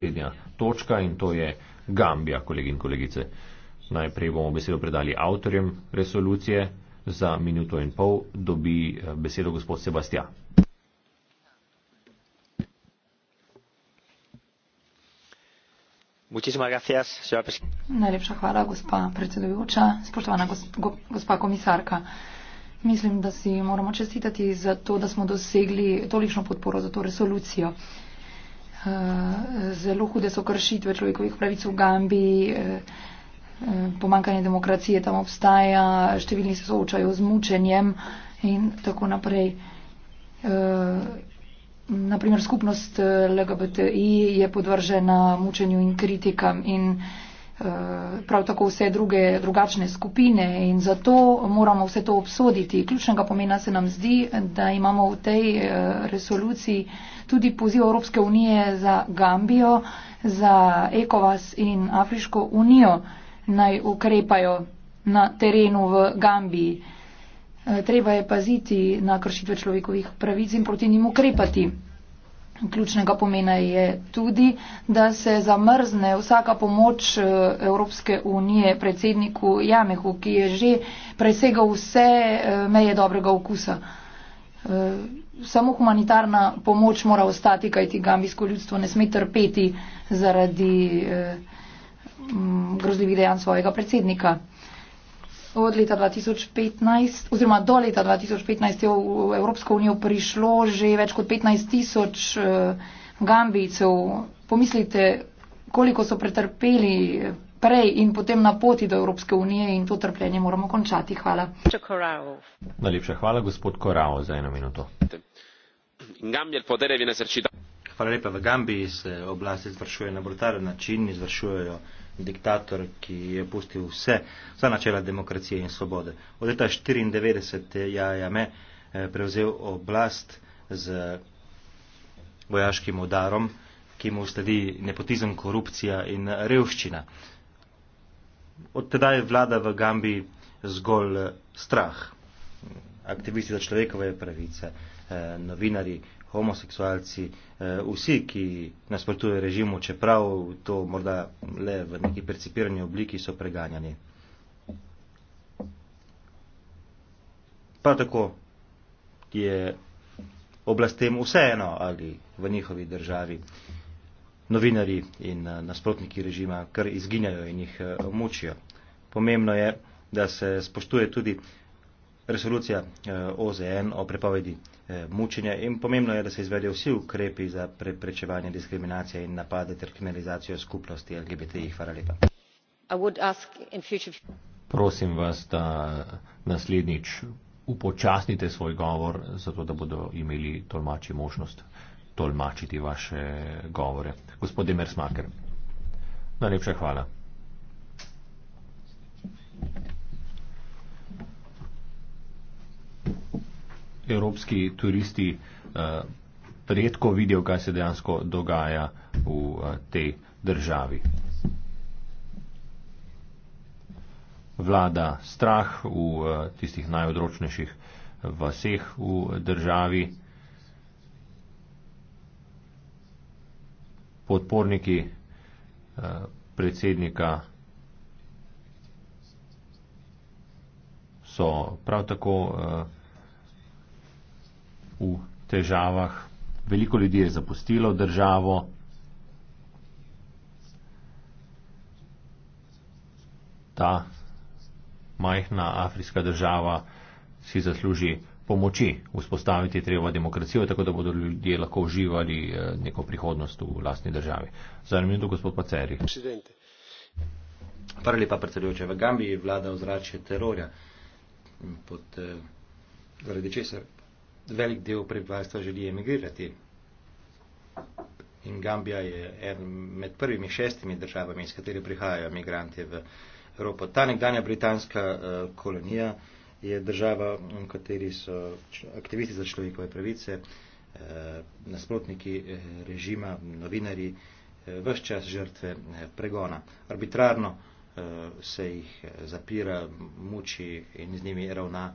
Srednja točka in to je Gambija, kolegi in kolegice. Najprej bomo besedo predali avtorjem resolucije. Za minuto in pol dobi eh, besedo gospod Sebastian. Najlepša hvala, gospa predsedujoča, spoštovana gospa komisarka. Mislim, da si moramo čestitati za to, da smo dosegli tolikšno podporo za to resolucijo. Eh, zelo hude so kršitve človekovih pravic v Gambiji, eh, eh, pomankanje demokracije tam obstaja, številni se soočajo z mučenjem in tako naprej. Naprimer, skupnost LGBTI je podvržena mučenju in kritikam in Eh, prav tako vse druge drugačne skupine in zato moramo vse to obsoditi. Ključnega pomena se nam zdi, da imamo v tej eh, resoluciji tudi poziv Evropske unije za Gambijo, za Ekovas in Afriško unijo naj ukrepajo na terenu v Gambiji. Eh, treba je paziti na kršitve človekovih pravic in proti njim ukrepati. Ključnega pomena je tudi, da se zamrzne vsaka pomoč eh, Evropske unije predsedniku Jamehu, ki je že presegal vse eh, meje dobrega okusa. Eh, samo humanitarna pomoč mora ostati, kajti gambijsko ljudstvo ne sme trpeti zaradi grozljivih dejanj svojega predsednika od leta 2015 oziroma do leta 2015 je v Evropsko unijo prišlo že več kot 15 tisoč eh, gambijcev. Pomislite, koliko so pretrpeli prej in potem na poti do Evropske unije in to trpljenje moramo končati. Hvala. Najlepša hvala, gospod Korao, za eno minuto. Hvala lepa. V Gambiji se oblast izvršuje na brutalen način, izvršujejo diktator, ki je pustil vse, vsa načela demokracije in svobode. Od leta 1994 je Jame eh, prevzel oblast z vojaškim udarom, ki mu sledi nepotizem, korupcija in revščina. Od teda je vlada v Gambi zgolj strah. Aktivisti za človekove pravice, eh, novinari, homoseksualci, eh, vsi, ki nasprotujejo režimu, čeprav to morda le v neki percipirani obliki, so preganjani. Prav tako je oblastem vseeno, ali v njihovi državi novinari in eh, nasprotniki režima kar izginjajo in jih eh, mučijo. Pomembno je, da se spoštuje tudi resolucija OZN o prepovedi Eh, mučenja in pomembno je, da se izvedejo vsi ukrepi za preprečevanje diskriminacije in napade ter kriminalizacijo skupnosti LGBTI. Hvala lepa. Prosim vas, da naslednjič upočasnite svoj govor, zato da bodo imeli tolmači možnost tolmačiti vaše govore. Gospod Demers Marker, najlepša hvala evropski turisti uh, redko vidijo, kaj se dejansko dogaja v uh, tej državi. Vlada strah v uh, tistih najodročnejših vaseh v državi. Podporniki uh, predsednika so prav tako uh, v težavah. Veliko ljudi je zapustilo državo. Ta majhna afriška država si zasluži pomoči. Vzpostaviti treba demokracijo, tako da bodo ljudje lahko uživali eh, neko prihodnost v lastni državi. Zanimivo, gospod Paceri. Prvi pa predsedujoče. V Gambiji vlada ozračje terorja, pod, eh, zaradi česar velik del prebivalstva želi emigrirati. In Gambija je en med prvimi šestimi državami, iz katerih prihajajo emigranti v Evropo. Ta nekdanja britanska eh, kolonija je država, v kateri so aktivisti za človekove pravice, eh, nasprotniki eh, režima, novinari, vse čas žrtve pregona. Arbitrarno se jih zapira, muči in z njimi ravna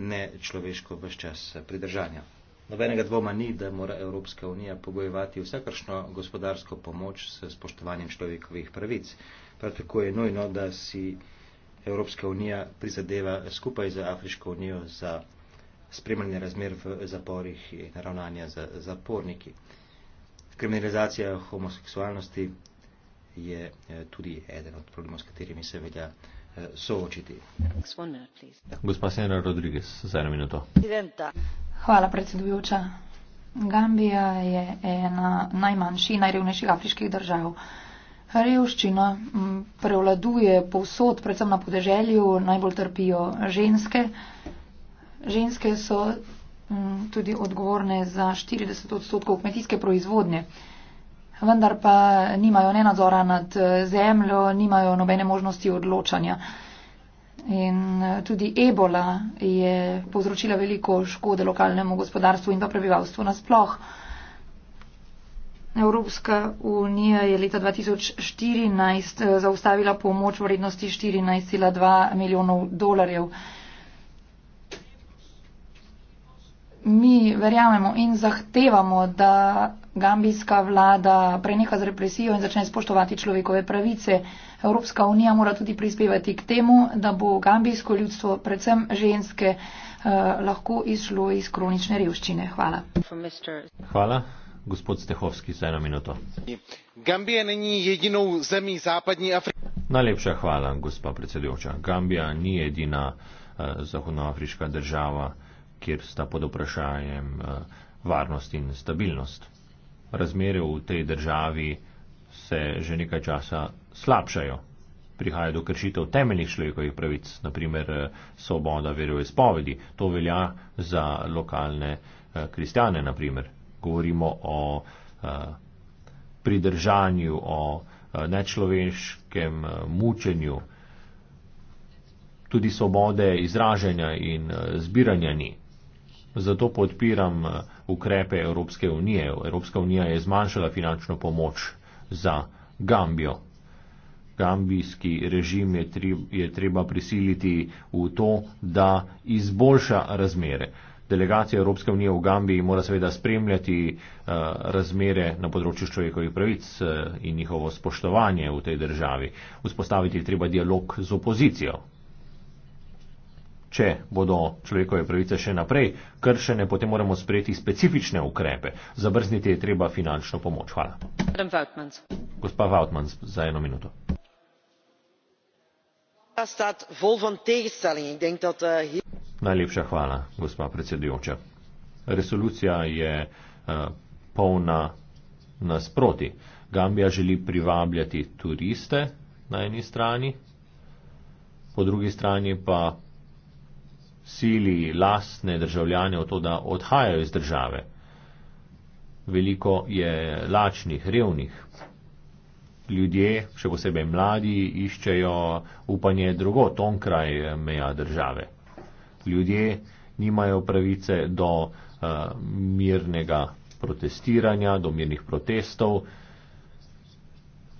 nečloveško vse čas pridržanja. Nobenega dvoma ni, da mora Evropska unija pogojevati vsakršno gospodarsko pomoč s spoštovanjem človekovih pravic. Prav tako je nujno, da si Evropska unija prizadeva skupaj z Afriško unijo za spremljanje razmer v zaporih in ravnanja z zaporniki. Kriminalizacija homoseksualnosti je eh, tudi eden od problemov, s katerimi se velja soočiti. Gospa Senra Rodriguez, za eno minuto. Hvala, predsedujoča. Gambija je ena najmanjših in najrevnejših afriških držav. Revščina prevladuje povsod, predvsem na podeželju, najbolj trpijo ženske. Ženske so tudi odgovorne za 40 odstotkov kmetijske proizvodnje vendar pa nimajo ne nadzora nad eh, zemljo, nimajo nobene možnosti odločanja. In eh, tudi ebola je povzročila veliko škode lokalnemu gospodarstvu in pa prebivalstvu nasploh. Evropska unija je leta 2014 eh, zaustavila pomoč v vrednosti 14,2 milijonov dolarjev. Mi verjamemo in zahtevamo, da gambijska vlada preneha z represijo in začne spoštovati človekove pravice. Evropska unija mora tudi prispevati k temu, da bo gambijsko ljudstvo, predvsem ženske, eh, lahko izšlo iz kronične revščine. Hvala. Hvala. Gospod Stehovski, za eno minuto. Gambija ni edina zemlja Zahodne Afrike. Najlepša hvala, gospa predsedujoča. Gambija ni edina eh, zahodnoafriška država, kjer sta pod vprašanjem eh, varnost in stabilnost razmere v tej državi se že nekaj časa slabšajo. Prihaja do kršitev temeljnih človekovih pravic, naprimer eh, svoboda veroizpovedi. To velja za lokalne eh, kristjane, naprimer. Govorimo o eh, pridržanju, o nečloveškem mučenju. Tudi svobode izražanja in zbiranja ni. Zato podpiram eh, ukrepe Evropske unije. Evropska unija je zmanjšala finančno pomoč za Gambijo. Gambijski režim je, tri, je treba prisiliti v to, da izboljša razmere. Delegacija Evropske unije v Gambiji mora seveda spremljati uh, razmere na področju človekovih pravic uh, in njihovo spoštovanje v tej državi. Vzpostaviti treba dialog z opozicijo, če bodo človekove pravice še naprej kršene, potem moramo sprejeti specifične ukrepe. Zabrzniti je treba finančno pomoč. Hvala. Gospa Vautmans, za eno minuto. Eh, Najlepša hvala, gospa predsedujoča. Resolucija je uh, polna nasproti. Gambija želi privabljati turiste na eni strani, po drugi strani pa sili lastne državljane v to, da odhajajo iz države. Veliko je lačnih, revnih. Ljudje, še posebej mladi, iščejo upanje drugo, tonkraj eh, meja države. Ljudje nimajo pravice do uh, mirnega protestiranja, do mirnih protestov.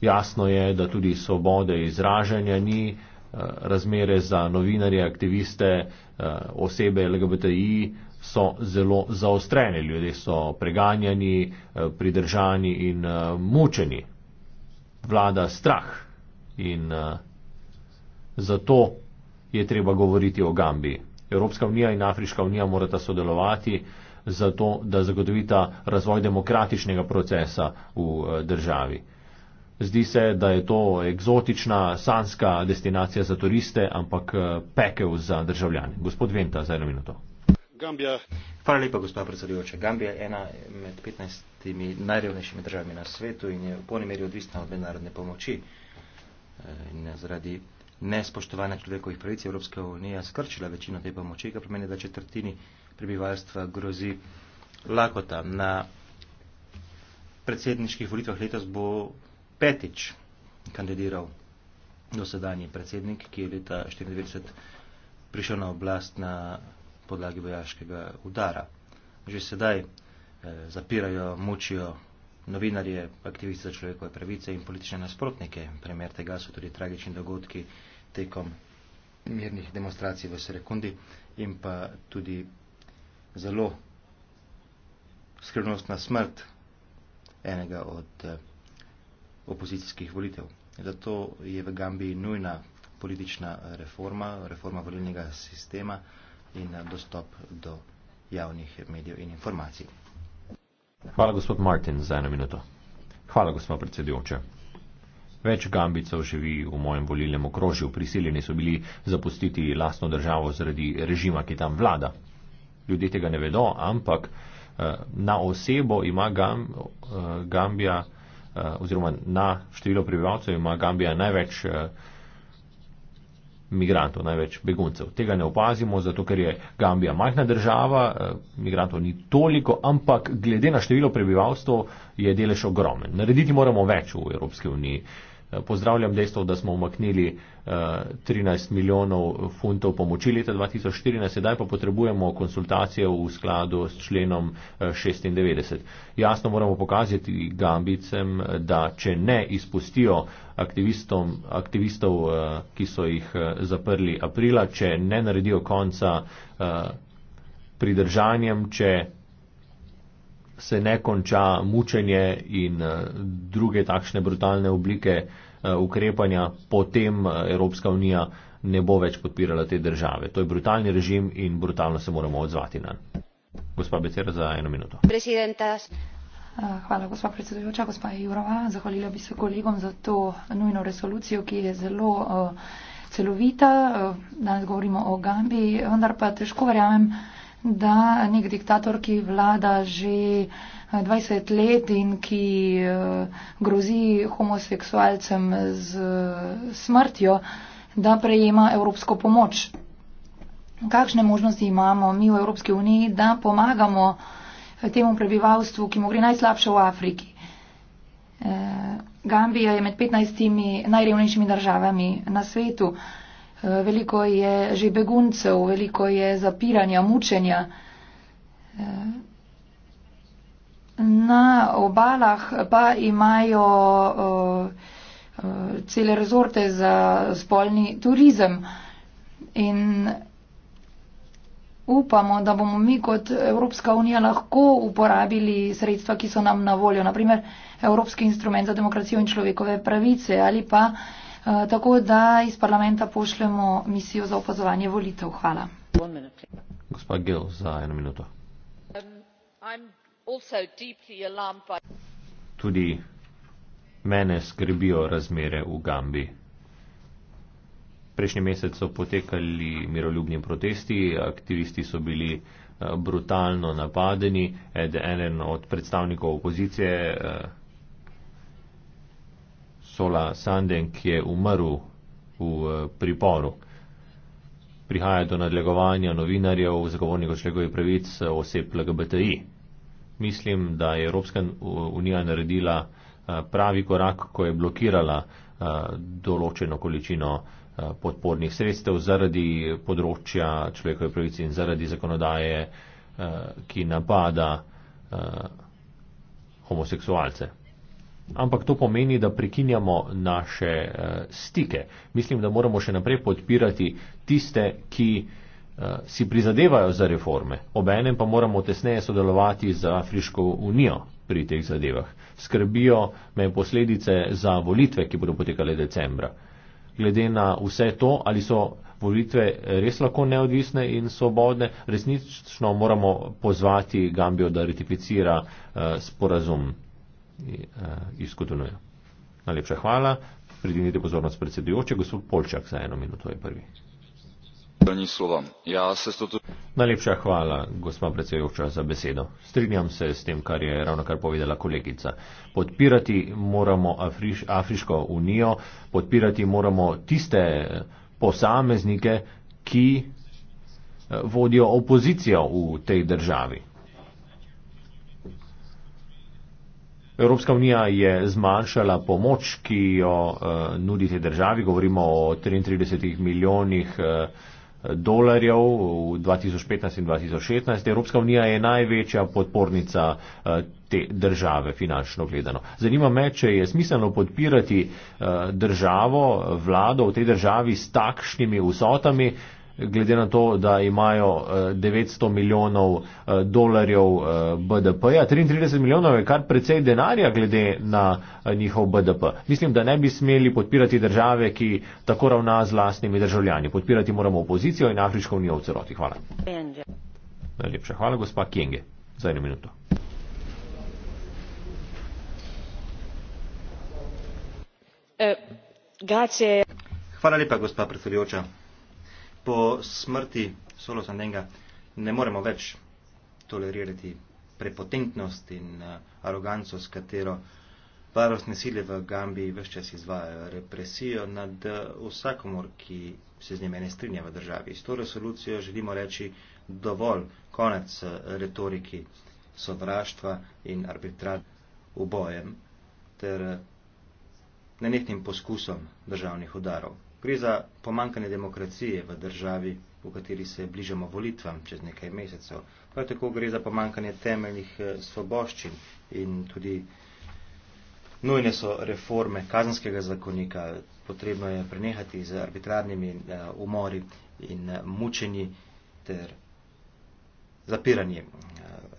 Jasno je, da tudi svobode izražanja ni. Uh, Eh, razmere za novinarje, aktiviste, eh, osebe LGBTI so zelo zaostrene. Ljudje so preganjani, eh, pridržani in mučeni. Vlada strah in zato je treba govoriti o Gambi. Evropska unija in Afriška unija morata sodelovati zato, da zagotovita razvoj demokratičnega procesa v državi. Zdi se, da je to eksotična, sanska destinacija za turiste, ampak eh, pekel za državljane. Gospod Venta, za eno minuto. Gambija. Hvala lepa, gospod predsedujoče. Gambija je ena med 15 najrevnejšimi državami na svetu in je v polni meri odvisna od mednarodne pomoči. Eh, in zaradi nespoštovanja človekovih pravic Evropska unija skrčila večino te pomoči, kar pomeni, da četrtini prebivalstva grozi lakota. Na predsedniških volitvah letos bo petič kandidiral dosedanji predsednik, ki je leta 1994 prišel na oblast na podlagi vojaškega udara. Že sedaj eh, zapirajo, mučijo novinarje, aktivisti za človekove pravice in politične nasprotnike. Primer tega so tudi tragični dogodki tekom mirnih demonstracij v Serekundi in pa tudi zelo skrivnostna smrt enega od eh, opozicijskih volitev. Zato je v Gambiji nujna politična reforma, reforma volilnega sistema in eh, dostop do javnih medijev in informacij. Hvala gospod Martin za eno minuto. Hvala gospod predsedujoče. Več gambicev živi v mojem volilnem okrožju, prisiljeni so bili zapustiti lastno državo zaradi režima, ki tam vlada. Ljudje tega ne vedo, ampak eh, na osebo ima eh, Gambija. Eh, oziroma na število prebivalcev ima Gambija največ eh, migrantov, največ beguncev. Tega ne opazimo, zato ker je Gambija majhna država, eh, migrantov ni toliko, ampak glede na število prebivalstva je delež ogromen. Narediti moramo več v Evropski uniji. Uh, Pozdravljam dejstvo, da smo umaknili 13 eh, milijonov funtov pomoči leta 2014, sedaj pa potrebujemo konsultacije v skladu s členom 96. Eh, Jasno moramo pokazati gambicem, da če ne izpustijo aktivistov, eh, ki so jih zaprli aprila, če ne naredijo konca pridržanjem, če se ne konča mučenje in eh, druge takšne brutalne oblike eh, ukrepanja, potem eh, Evropska unija ne bo več podpirala te države. To je brutalni režim in brutalno se moramo odzvati na. Gospa Becer, za eno minuto. Presidentas. Hvala, gospa predsedujoča, gospa Jurova. Zahvalila bi se kolegom za to nujno resolucijo, ki je zelo uh, celovita. Uh, danes govorimo o Gambiji, vendar pa težko verjamem, uh, da nek diktator, ki vlada že 20 eh, let in ki eh, grozi homoseksualcem z eh, smrtjo, da prejema evropsko pomoč. Kakšne možnosti imamo mi v Evropski uniji, da pomagamo temu prebivalstvu, ki mu gre najslabše v Afriki? Gambija je med 15 najrevnejšimi državami na svetu veliko je že beguncev, veliko je zapiranja, mučenja. Na obalah pa imajo eh, eh, cele rezorte za spolni turizem. In upamo, da bomo mi kot Evropska unija lahko uporabili sredstva, ki so nam na voljo, naprimer Evropski instrument za demokracijo in človekove pravice ali pa uh, Eh, tako da iz parlamenta pošljemo misijo za opazovanje volitev. Hvala. Gospa Gil, za eno minuto. Um, Tudi mene skrbijo razmere v Gambi. Prejšnji mesec so potekali miroljubni protesti, aktivisti so bili eh, brutalno napadeni, eden od predstavnikov opozicije. Eh, Sola Sanden, ki je umrl v eh, priporu. Prihaja do nadlegovanja novinarjev, zagovornikov človekovih pravic, eh, oseb LGBTI. Mislim, da je Evropska eh, unija naredila pravi korak, ko je blokirala določeno količino podpornih sredstev zaradi področja človekove pravice in zaradi zakonodaje, ki napada homoseksualce ampak to pomeni, da prekinjamo naše eh, stike. Mislim, da moramo še naprej podpirati tiste, ki eh, si prizadevajo za reforme. Obenem pa moramo tesneje sodelovati z Afriško unijo pri teh zadevah. Skrbijo me posledice za volitve, ki bodo potekale decembra. Glede na vse to, ali so volitve res lahko neodvisne in svobodne, resnično moramo pozvati Gambijo, da ratificira eh, sporazum. Eh, izkudonujo. Najlepša hvala. Pridinite pozornost predsedujoče, gospod Polčak, za eno minuto je prvi. Ja, tudi... Najlepša hvala, gospa predsedujoča, za besedo. Strinjam se s tem, kar je ravno kar povedala kolegica. Podpirati moramo Afriš, Afriško unijo, podpirati moramo tiste posameznike, ki eh, vodijo opozicijo v tej državi. Evropska unija je zmanjšala pomoč, ki jo uh, nudi tej državi, govorimo o 33 milijonih uh, dolarjev v 2015 in 2016. Evropska unija je največja podpornica uh, te države, finančno gledano. Zanima me, če je smiselno podpirati uh, državo, vlado v tej državi s takšnimi vsotami, uh, glede na to, da imajo 900 eh, milijonov eh, dolarjev eh, BDP-ja. 33 milijonov je kar precej denarja glede na njihov BDP. Mislim, da ne bi smeli podpirati države, ki tako ravna z lastnimi državljani. Podpirati moramo opozicijo in Afriško unijo v celoti. Hvala. Najlepša hvala, gospa Kenge. Za eno minuto. Hvala lepa, gospa predsedujoča po smrti Solosanenga ne moremo več tolerirati prepotentnost in eh, aroganco, s katero varnostne sile v Gambiji vse čas izvajajo represijo nad eh, vsakomor, ki se z njime ne strinja v državi. S to resolucijo želimo reči dovolj konec eh, retoriki sovraštva in arbitrat v bojem ter nenehnim poskusom državnih udarov. Gre za pomankanje demokracije v državi, v kateri se bližamo volitvam čez nekaj mesecev. Prav tako gre za pomankanje temeljnih eh, svoboščin in tudi nujne so reforme kazanskega zakonika. Potrebno je prenehati z arbitrarnimi eh, umori in eh, mučenji ter zapiranje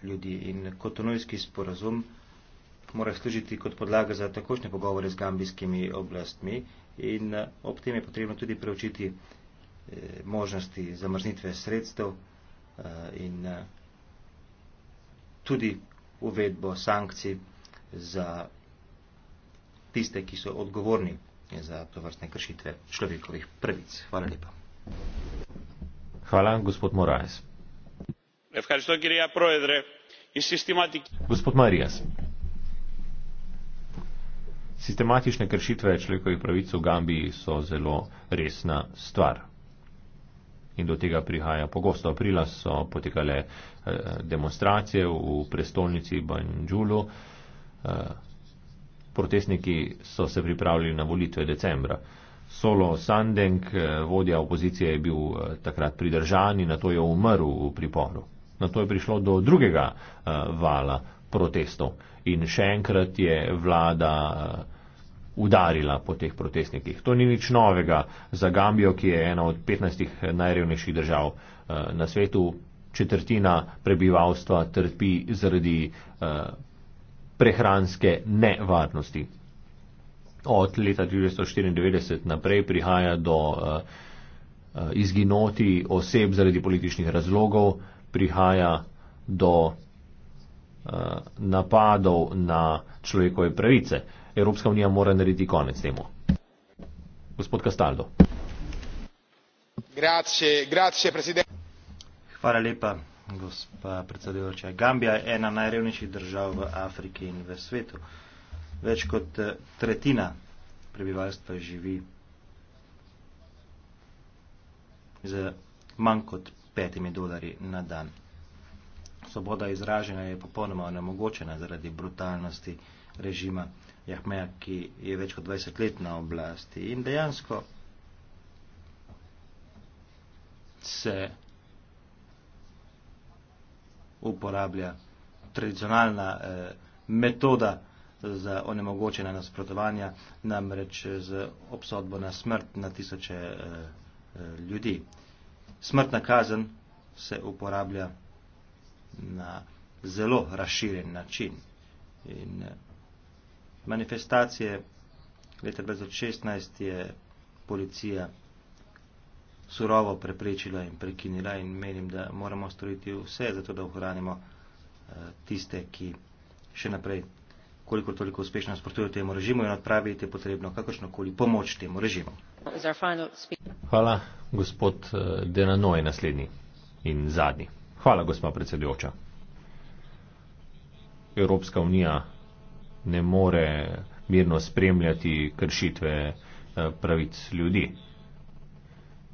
ljudi. In kotonojski sporazum mora služiti kot podlaga za takošne pogovore z gambijskimi oblastmi in eh, ob tem je potrebno tudi preučiti eh, možnosti zamrznitve sredstev eh, in tudi uvedbo sankcij za tiste, ki so odgovorni za to vrstne kršitve človekovih pravic. Hvala lepa. Hvala, gospod Moraes. Gospod Marijas. Sistematične kršitve človekovih pravic v Gambiji so zelo resna stvar. In do tega prihaja pogosto. Aprila so potekale eh, demonstracije v prestolnici Banjulu. Eh, protestniki so se pripravljali na volitve decembra. Solo Sandeng, eh, vodja opozicije, je bil takrat pridržan in na to je umrl v priporu. Na to je prišlo do drugega vala protestov. In še enkrat je vlada udarila po teh protestnikih. To ni nič novega za Gambijo, ki je ena od 15 eh, najrevnejših držav eh, na svetu. Četrtina prebivalstva trpi zaradi eh, prehranske nevarnosti. Od leta 1994 naprej prihaja do izginoti oseb zaradi političnih razlogov, prihaja do napadov na človekove pravice. Evropska unija mora narediti konec temu. Gospod Kastaldo. Grazie, grazie, Hvala lepa, gospa predsedujoča. Gambija je ena najrevnejših držav v Afriki in v svetu. Več kot eh, tretjina prebivalstva živi z manj kot petimi dolari na dan. Svoboda izražanja je popolnoma onemogočena zaradi brutalnosti režima. Jahmeja, ki je več kot 20 let na oblasti. In dejansko se uporablja tradicionalna eh, metoda za onemogočene nasprotovanja, namreč eh, z obsodbo na smrt na tisoče eh, eh, ljudi. Smrtna kazen se uporablja na zelo razširjen način. In, eh, manifestacije leta 2016 je policija surovo preprečila in prekinila in menim, da moramo storiti vse, zato da ohranimo eh, tiste, ki še naprej koliko toliko uspešno sportujo temu režimu in odpraviti je potrebno kakršnokoli pomoč temu režimu. Hvala, gospod eh, Denanoj, naslednji in zadnji. Hvala, gospa predsedujoča. Evropska unija ne more mirno spremljati kršitve eh, pravic ljudi.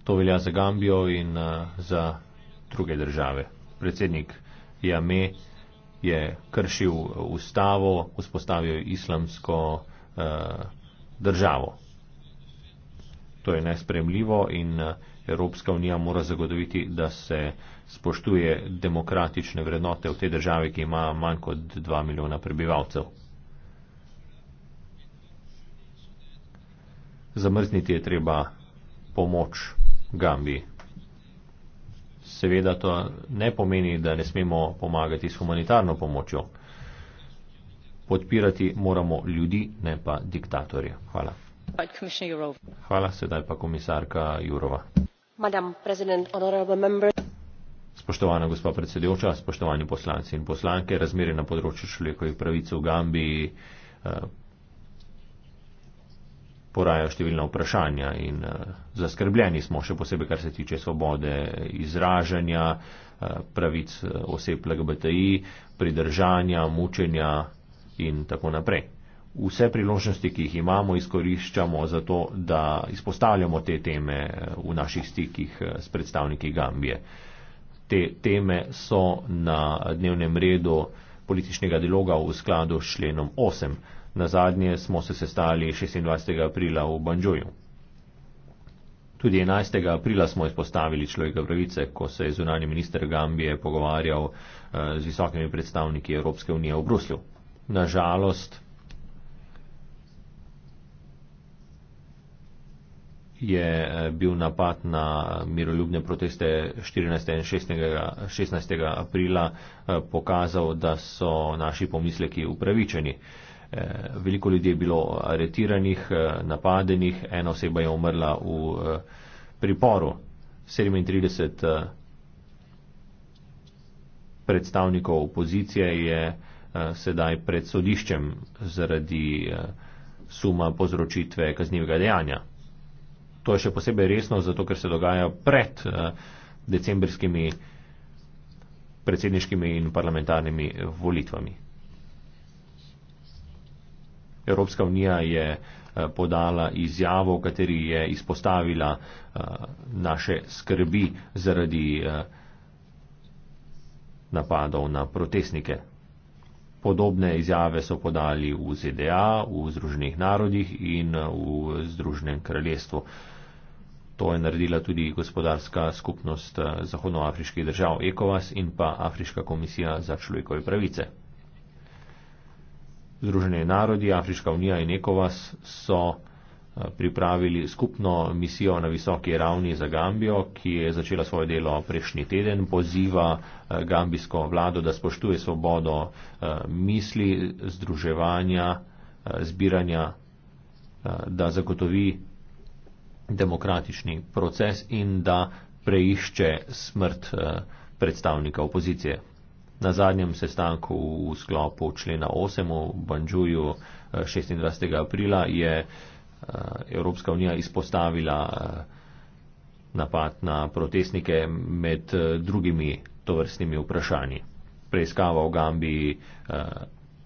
To velja za Gambijo in eh, za druge države. Predsednik Jame je kršil ustavo, vzpostavil islamsko eh, državo. To je nespremljivo in Evropska unija mora zagotoviti, da se spoštuje demokratične vrednote v tej državi, ki ima manj kot 2 milijona prebivalcev. zamrzniti je treba pomoč Gambi. Seveda to ne pomeni, da ne smemo pomagati s humanitarno pomočjo. Podpirati moramo ljudi, ne pa diktatorje. Hvala. Hvala, sedaj pa komisarka Jurova. Spoštovana gospa predsedujoča, spoštovani poslanci in poslanke, razmere na področju človekovih pravic v Gambiji eh, poraja številna vprašanja in eh, zaskrbljeni smo, še posebej kar se tiče svobode izražanja, eh, pravic eh, oseb LGBTI, pridržanja, mučenja in tako naprej. Vse priložnosti, ki jih imamo, izkoriščamo za to, da izpostavljamo te teme v naših stikih s predstavniki Gambije. Te teme so na dnevnem redu političnega dialoga v skladu s členom 8 Na zadnje smo se sestali 26. aprila v Banjoju. Tudi 11. aprila smo izpostavili človekove pravice, ko se je zunani minister Gambije pogovarjal eh, z visokimi predstavniki Evropske unije v Bruslju. Nažalost je eh, bil napad na eh, miroljubne proteste 14. in 16. aprila pokazal, da so naši pomisleki upravičeni. Eh, veliko ljudi je bilo aretiranih, eh, napadenih, ena oseba je umrla v eh, priporu. 37 predstavnikov opozicije je sedaj pred sodiščem zaradi suma povzročitve kaznivega dejanja. To je še posebej resno, zato ker se dogaja pred decembrskimi predsedniškimi in parlamentarnimi volitvami. Evropska unija je eh, podala izjavo, v kateri je izpostavila eh, naše skrbi zaradi eh, napadov na protestnike. Podobne izjave so podali v ZDA, v Združenih narodih in v Združenem kraljestvu. To je naredila tudi gospodarska skupnost Zahodnoafriških držav ECOWAS in pa Afriška komisija za človekove pravice. Združene narodi, Afriška unija in Ekovas so eh, pripravili skupno misijo na visoki ravni za Gambijo, ki je začela svoje delo prejšnji teden, poziva eh, gambijsko vlado, da spoštuje svobodo eh, misli, združevanja, zbiranja, da zagotovi demokratični proces in da preišče smrt predstavnika opozicije na zadnjem sestanku v sklopu člena 8 v Banjuju 26. Eh, aprila je eh, Evropska unija izpostavila eh, napad na protestnike med drugimi tovrstnimi vprašanji. Preiskava v Gambiji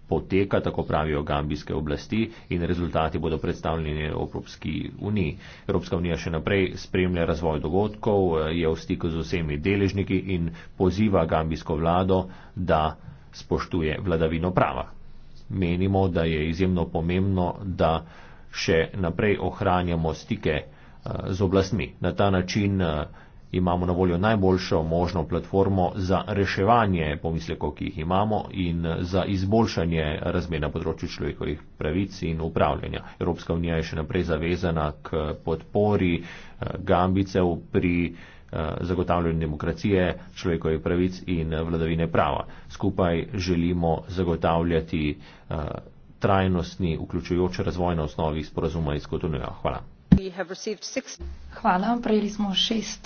poteka, tako pravijo gambijske oblasti in rezultati bodo predstavljeni Evropski uniji. Evropska unija še naprej spremlja razvoj dogodkov, je v stiku z vsemi deležniki in poziva gambijsko vlado, da spoštuje vladavino prava. Menimo, da je izjemno pomembno, da še naprej ohranjamo stike eh, z oblastmi. Na ta način eh, imamo na voljo najboljšo možno platformo za reševanje pomislekov, ki jih imamo in za izboljšanje razmer na področju človekovih pravic in upravljanja. Evropska unija je še naprej zavezana k podpori eh, gambicev pri eh, zagotavljanju demokracije, človekovih pravic in vladavine prava. Skupaj želimo zagotavljati eh, trajnostni, vključujoč razvoj na osnovi sporazuma iz Kotonuja. Hvala. Hvala, prejeli smo šest.